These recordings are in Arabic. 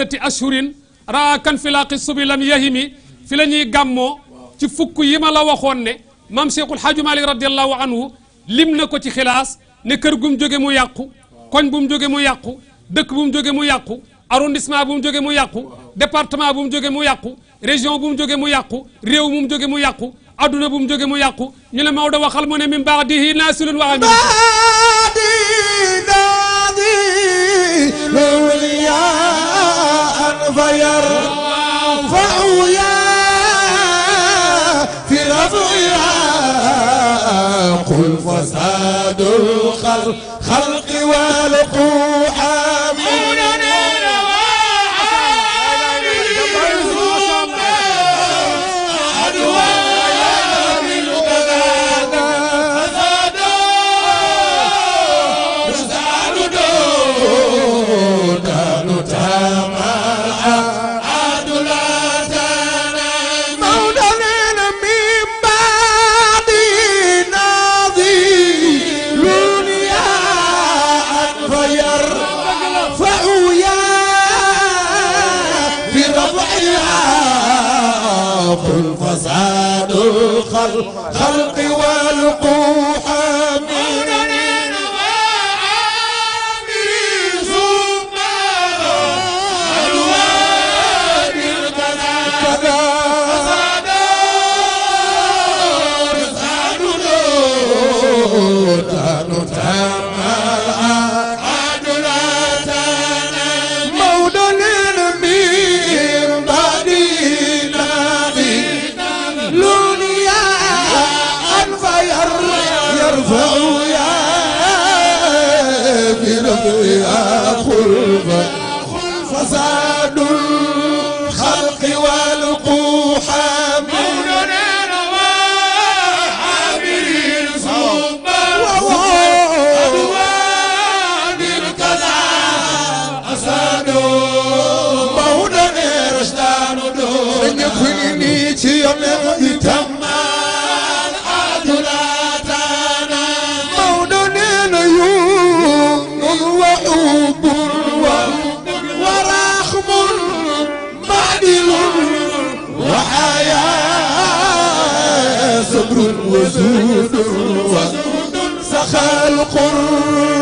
sittati ashurin raakan filaaqi subi lam yahimi fi la ñuy gàmmoo ci fukk yi ma la waxoon ne maam Cheikhul Hadji Malick radiallahu anhu lim na ko ci xilaas ne kër gum jóge mu yàqu koñ bu mu jóge mu yàqu dëkk bu mu jóge mu yàqu arrondissement bu mu jóge mu yàqu département bu mu jóge mu yàqu région bu mu jóge mu yàqu réew mu mu jóge mu yàqu adduna bu mu jóge mu yàqu ñu ne Maodo waxal mu ne min baadihi naasilun wa amin baadi daadi lawliyaa فيرفع يا في رفعها قل فساد الخلق والقوحات الفساد الخلق والقوى يكن لي تيم يتم العدلاتنا مولدين يوم وحب ورحم معدل وحياة صبر وزود وسخى القرب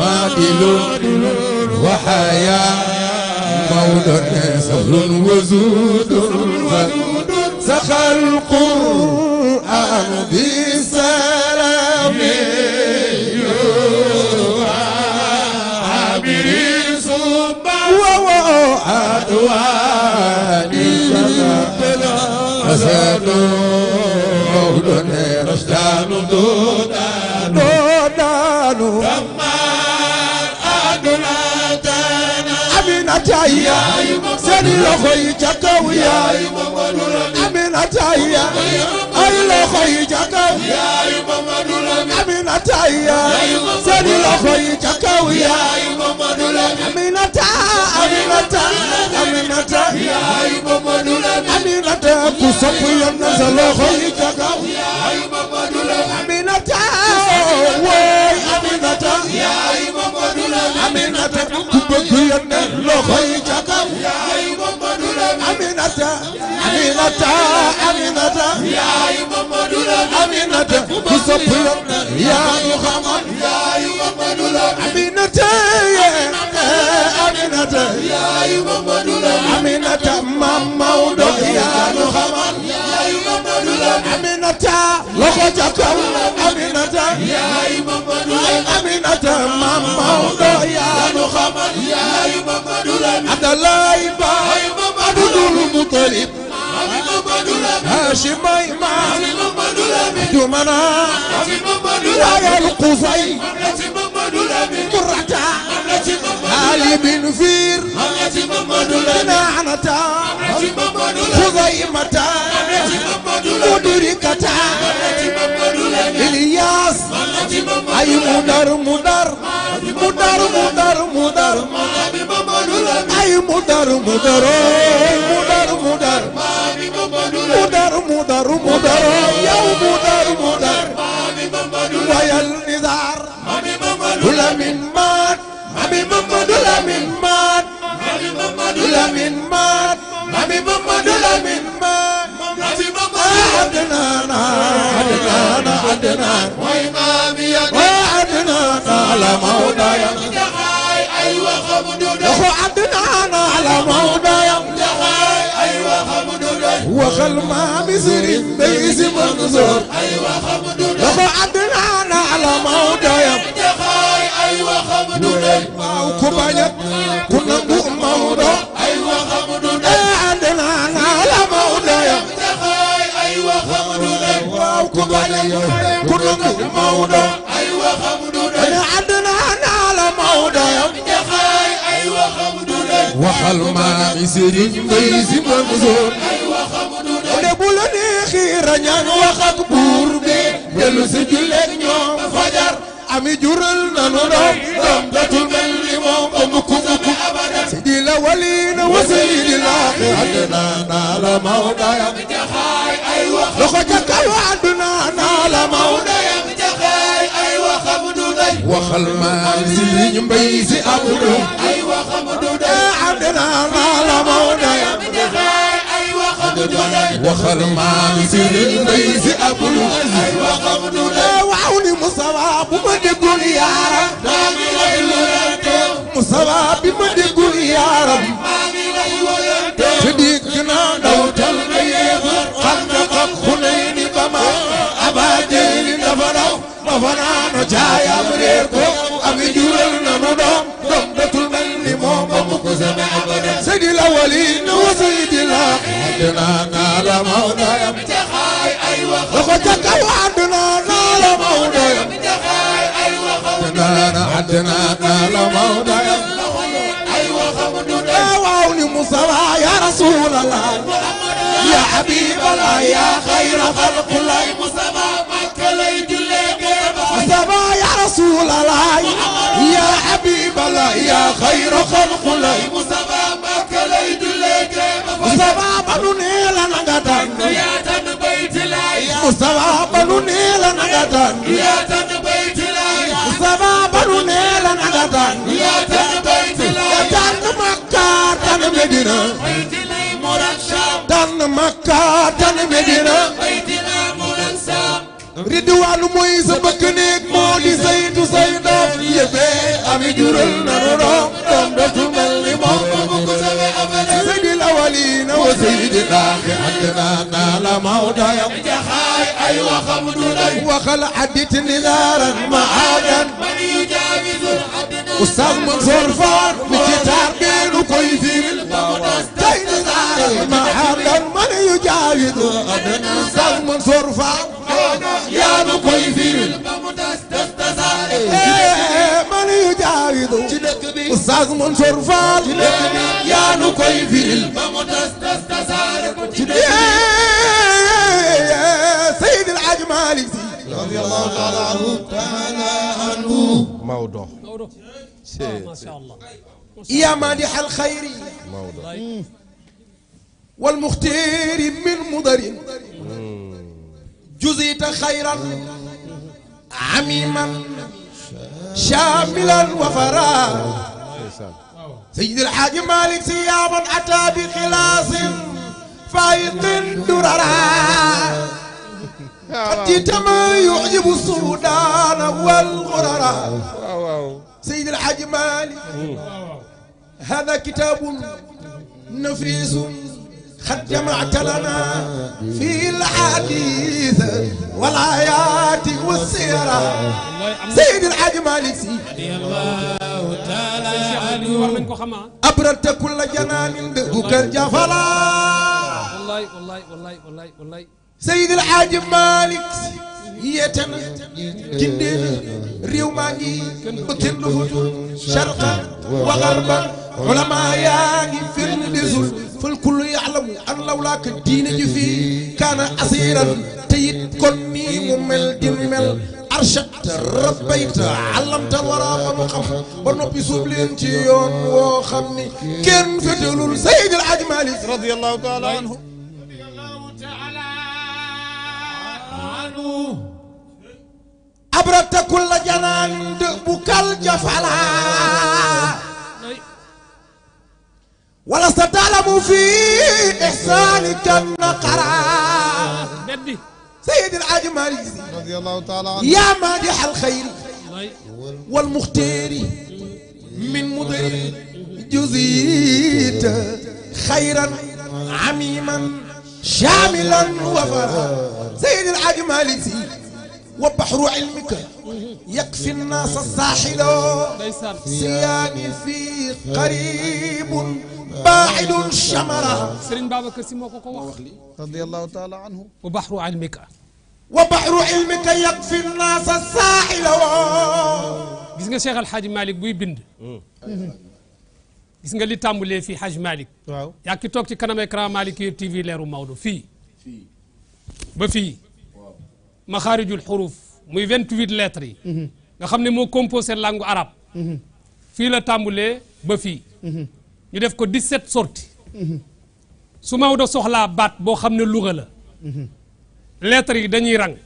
مائل وحياة مولى سبل وزود سخى القرآن بسلام عبر صبا وعدواني أسد مولى رشدان دودان دودان yaay seen loxo yi ca kaw yaay Aminata yaay ay loxo yi ca kaw yaay Aminata yaay seen loxo yi ca kaw yaay Aminata Aminata Aminata yaay Aminata ku sopp yoon na sa loxo yi aminata aminata yaayu Mamadu la aminata ku sopp yaayu Muhammad yaayu Mamadu la aminata aminata yaayu Mamadu la aminata maam Maodo yaayu Muhammad yaayu Mamadu la aminata loxo ca kaw aminata yaayu Mamadu la aminata maam Maodo yaayu Muhammad yaayu Mamadu la adalaay baay Mamadu dul Mutalib هاشم باي مالي محمد الامين دومنا مالي محمد الامين القصي مالي محمد الامين مرتا علي بن فير مالي محمد الامين عنتا مالي محمد الامين خزيمتا مالي محمد الامين مدركتا مالي محمد الامين الياس مالي محمد اي مدر مدر مدر مدر مدر مالي محمد الامين اي مدر مدر Lamine Maat Mamadou Lamine Maat Mamadou Lamine Maat أدنانا أدنانا أدنانا وإمامي أدنانا على موضع يمتخاي أيوة خمدود أدنانا على موضع يمتخاي أيوة خمدود وخل ما بزرين بيزي منظور أيوة خمدود موضة أيوة خمدودة عندنا نالا موضة جخاي أيوة خمدودة وخل ما يسرين بيزي منزور أيوة خمدودة بولني خير نان وخك بوربي دلو سجلك نيوم فجر أمي جرل نانورا رمضة الملي موم أمكو مكو سيدي الأولين وسيدي الآخر عندنا نالا موضة جخاي أيوة خمدودة لخجك وعدنا نالا موضة salmaan si ñu mbay si amudu ay waxamudu day eh, abdina naa la mawday ay waxamudu day waxal maam si ñu mbay si amudu ay waxamudu day eh, waaw ni musawa bu ma déggoon yaaram عندنا نار مونا أيوة أيوة أيوة يا أيوة خوتك عندنا نار مونا يا متخاي أيوة خوتنا عندنا نار مونا أيوة خوتنا وعوني مصطفى يا رسول الله يا حبيب الله يا خير خلق الله مصطفى يا رسول الله يا حبيب الله يا خير خلق الله مصطفى Mustafa ba lu ne la na nga tànn. yaa tànn bayti laay. Mustafa ba lu ne la na nga tànn. yaa tànn bayti laay. Mustafa ba lu ne la na nga tànn. yaa tànn bayti laay. nga tànn Makka tànn Medina. bayti laay mor ak Saam. tànn Makka tànn Medina. bayti laay mor ak Saam. Ridwaanu mooy sa bëkk néeg moo di saytu say doom yëppee ami jural na. الباقي عند ما نال موضع أيوة خمدوني وخل عدت نزارا معادا من يجاوز الحد أستاذ منصور فار بكتاب بين كيفي المدستين زارا يا مكيفي من يجاوز أستاذ منصور فار يا مكيفي يا مالح الخير والمختير من مضر جزيت خيرا عميما شاملا وفرا سيد الحاج مالك سيابا أتى بخلاص فايق دررا جيتما يعجب السودان والغرراء سيد الحاج مالي هذا كتاب نفيس قد جمعت لنا في الحديث والآيات والسيرة سيد الحاج مالك الله تعالى أبررت كل جنان دقك الجفلا والله والله والله والله والله سيد الحاج مالك يتنا جندي ريو ماني كنبتن لفوتو شرقا وغربا علماء ياني فرن لزول فالكل يعلم أن لولاك الدين جفي كان أسيرا تيت كني ممل جمل أرشدت ربيت علمت وراء مقام ونبي سبلين تيون وخمي كن فتلول سيد الحاج مالك رضي الله تعالى عنه أبرت كل جنان بكال جفلا ولا ستعلم في إحسانك النقرا سيد العجمري رضي الله تعالى عنه يا مادح الخير والمختار من مدير جزيت خيرا عميما شاملا وفرا زين العاج مالتي وبحر علمك يكفي الناس الساحل سياني في قريب باعد شمرا سرين بابا كسيم رضي الله تعالى عنه وبحر علمك وبحر علمك يكفي الناس الساحل جزنا شيخ الحاج مالك Hadj gis nga li tàmbulee fi Haj malik waaw yaa ki toog ci kanam écran Malick yi TV leeru Maodo fii ba fii maxaarijul xuruf muy 28 lettres yi nga xam ne moo composé langue arabe fii la tàmbulee ba fii ñu def ko 17 sorties su Maodo soxlaa baat boo xam ne luga la lettres yi dañuy rang